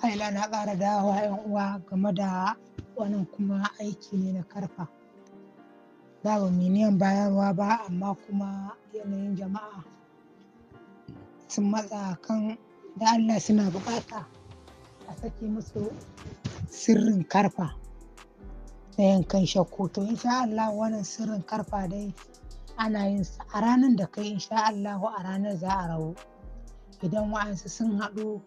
Haila na ƙara dawowa 'yan uwa game da wannan kuma aiki ne na karfa. Da ba miniyan bayarwa ba amma kuma yanayin jama'a sun matsa kan da Allah suna buƙata a sake musu sirrin karfa na yankan shakoto To insha Allah wannan sirrin karfa dai ana yin sa a ranar da kai insha Allah a ranar za a rawo Idan wa'ansu sun haɗu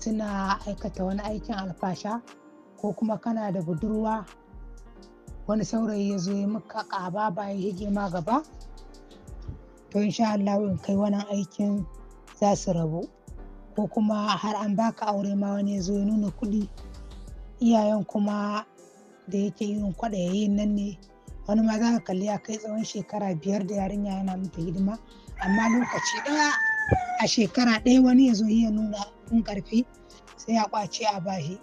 suna aikata wani aikin alfasha ko kuma kana da budurwa wani saurayi ya zo ya maka ƙaba bayan hige ma gaba to insha Allah in kai wannan aikin za su rabu ko kuma har an baka aure ma wani ya zo ya nuna kuɗi iyayen kuma da yake irin kwaɗayayin nan ne wani ma za ka kalli ya kai tsawon shekara biyar da yarinya yana mata hidima amma lokaci ɗaya a shekara ɗaya wani ya zo iya nuna in karfi sai ya ƙwace a bashi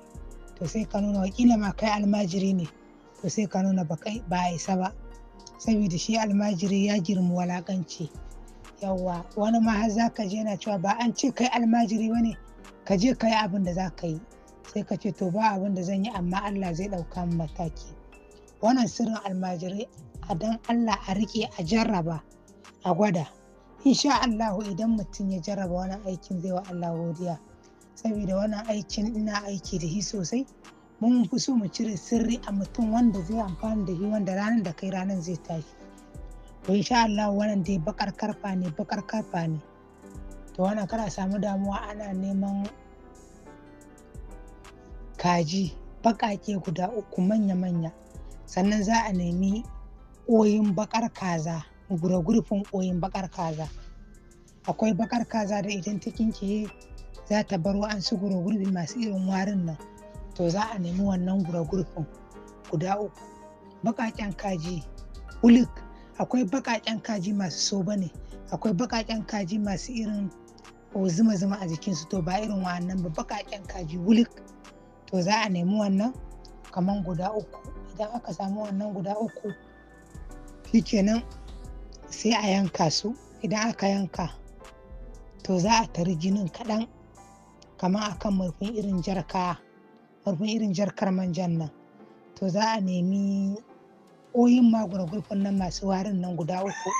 to sai ka nuna wakila ma kai almajiri ne to sai ka nuna ba a isa ba saboda shi almajiri ya girma walakanci yawa wani ma har za ka je yana cewa ba an ce kai almajiri ba ne ka je ka yi abin da za ka yi sai ka ce to ba abin da zan yi amma Allah zai ɗauka min mataki wannan sirrin almajirai a dan Allah a riƙe a jarraba a gwada insha Allahu idan mutum ya jarraba wannan aikin zai wa Allah godiya saboda wannan aikin ina aiki da shi sosai mun fi so mu cire sirri a mutum wanda zai amfani da shi wanda ranar da kai ranar zai tashi to insha Allah wannan dai bakar karfa ne bakar karfa ne to wannan kada samu damuwa ana neman kaji bakake guda uku manya-manya sannan za a nemi ƙoyin bakar kaza gura gurfin ɓoyin bakar kaza akwai bakar kaza da idan ta kinkiye za ta bar wa'ansu gura gurbi masu irin warin nan to za a nemi wannan gura gurfin guda uku baƙaƙen kaji ulik akwai baƙaƙen kaji masu soba ne akwai baƙaƙen kaji masu irin zuma zuma a jikinsu to ba irin wa'annan ba baƙaƙen kaji wulik to za a nemi wannan kaman guda uku idan aka samu wannan guda uku shikenan sai a yanka su idan aka yanka to za a tari jinin kaɗan kamar akan murfin irin jarka murfin irin jarkar manjan nan to za a nemi ƙoyin magurgurfin nan masu warin nan guda uku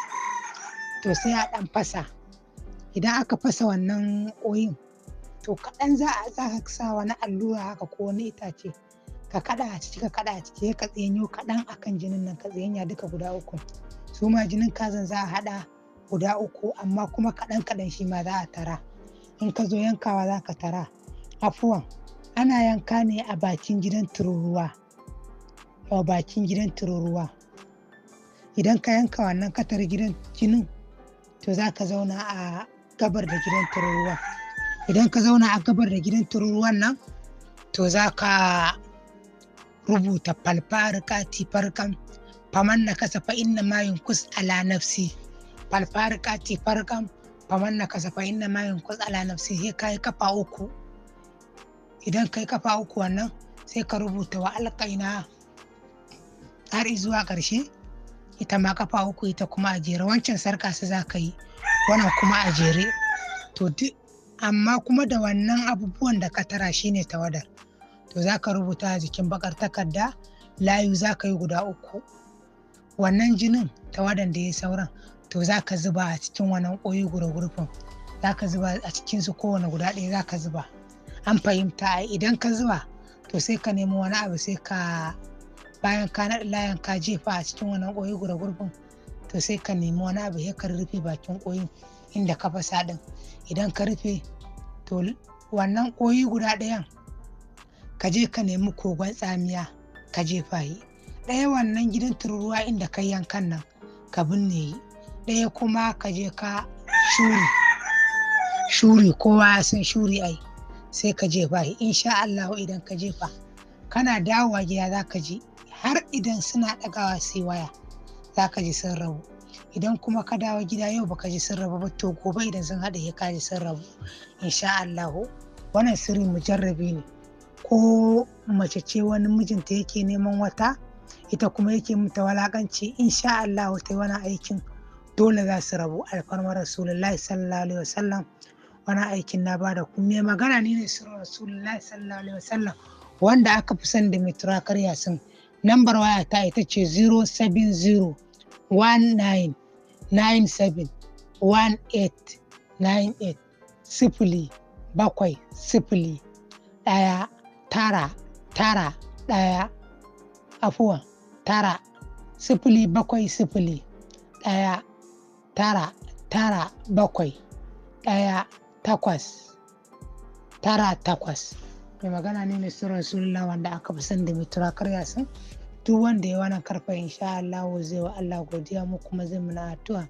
to sai a ɗan fasa idan aka fasa wannan oyin to kaɗan za a za ka sa wani allura haka ko wani itace ka kaɗa a ciki ka kaɗa a ciki ka tsenyo kaɗan akan jinin nan ka tsenya duka guda uku su ma jinin kazan za a haɗa guda uku amma kuma kaɗan kaɗan shi ma za a tara in ka zo yankawa za ka tara afuwan ana yanka ne a bakin gidan tururuwa a bakin gidan tururuwa idan ka yanka wannan katar gidan jinin to za ka zauna a gabar da gidan tururuwa idan ka zauna a gabar da gidan tururuwan nan to za ka rubuta falfarika farkan faman na kasa fa inna ma kus ala nafsi fal farqati farkan faman na kasa fa inna ma kus ala nafsi sai kai kafa uku idan kai kafa uku wannan sai ka rubuta wa alƙaina har zuwa ƙarshe ita ma kafa uku ita kuma a jere wancan sarka su za ka yi wannan kuma a jere to duk amma kuma da wannan abubuwan da ka tara shine tawadar to za ka rubuta a jikin bakar takarda layu za ka yi guda uku wannan jinin ta waɗanda ya sauran to za ka zuba a cikin wannan ƙoyi gurgurfin za ka zuba a cikin su kowane guda ɗaya za ka zuba an fahimta idan ka zuba to sai ka nemi wani abu sai ka bayan ka naɗa layan ka jefa a cikin wannan ƙoyi gurgurfin to sai ka nemi wani abu ya ka rufe bakin ƙoyin inda ka fasa ɗin idan ka rufe to wannan ƙoyi guda ɗayan ka je ka nemi kogon tsamiya ka jefa yi ɗaya wannan gidan tururuwa inda ka yankan nan ka binne yi? ɗaya kuma ka je ka shuri shuri kowa san shuri ai sai ka jefa insha Allah idan ka jefa kana dawowa gida za ka ji har idan suna ɗagawa sai waya za ka ji sun rabu idan kuma ka dawo gida yau baka ji sun rabu ba to gobe idan sun haɗa ya kaji sun rabu insha Allah wannan sirri mujarrabi ne ko mace ce wani mijinta yake neman wata ita kuma yake mata walakanci in sha Allah ta yi wani aikin dole za su rabu alfarmar rasulullahi sallallahu alaihi wasallam wani aikin na bada kuma magana ne su sura rasulullahi sallallahu alaihi wasallam wanda aka fi san da mitra karya sun nambar waya ta ita ce 070 19 97 18 98 sifili bakwai sifili ɗaya tara tara ɗaya afuwan tara sifili bakwai sifili ɗaya tara tara bakwai ɗaya takwas tara takwas mai magana ne mai sura rasulullah wanda aka fi san da mai turakar yasin duk wanda ya wani karfa insha Allah zai wa Allah godiya mu kuma zai muna atuwa.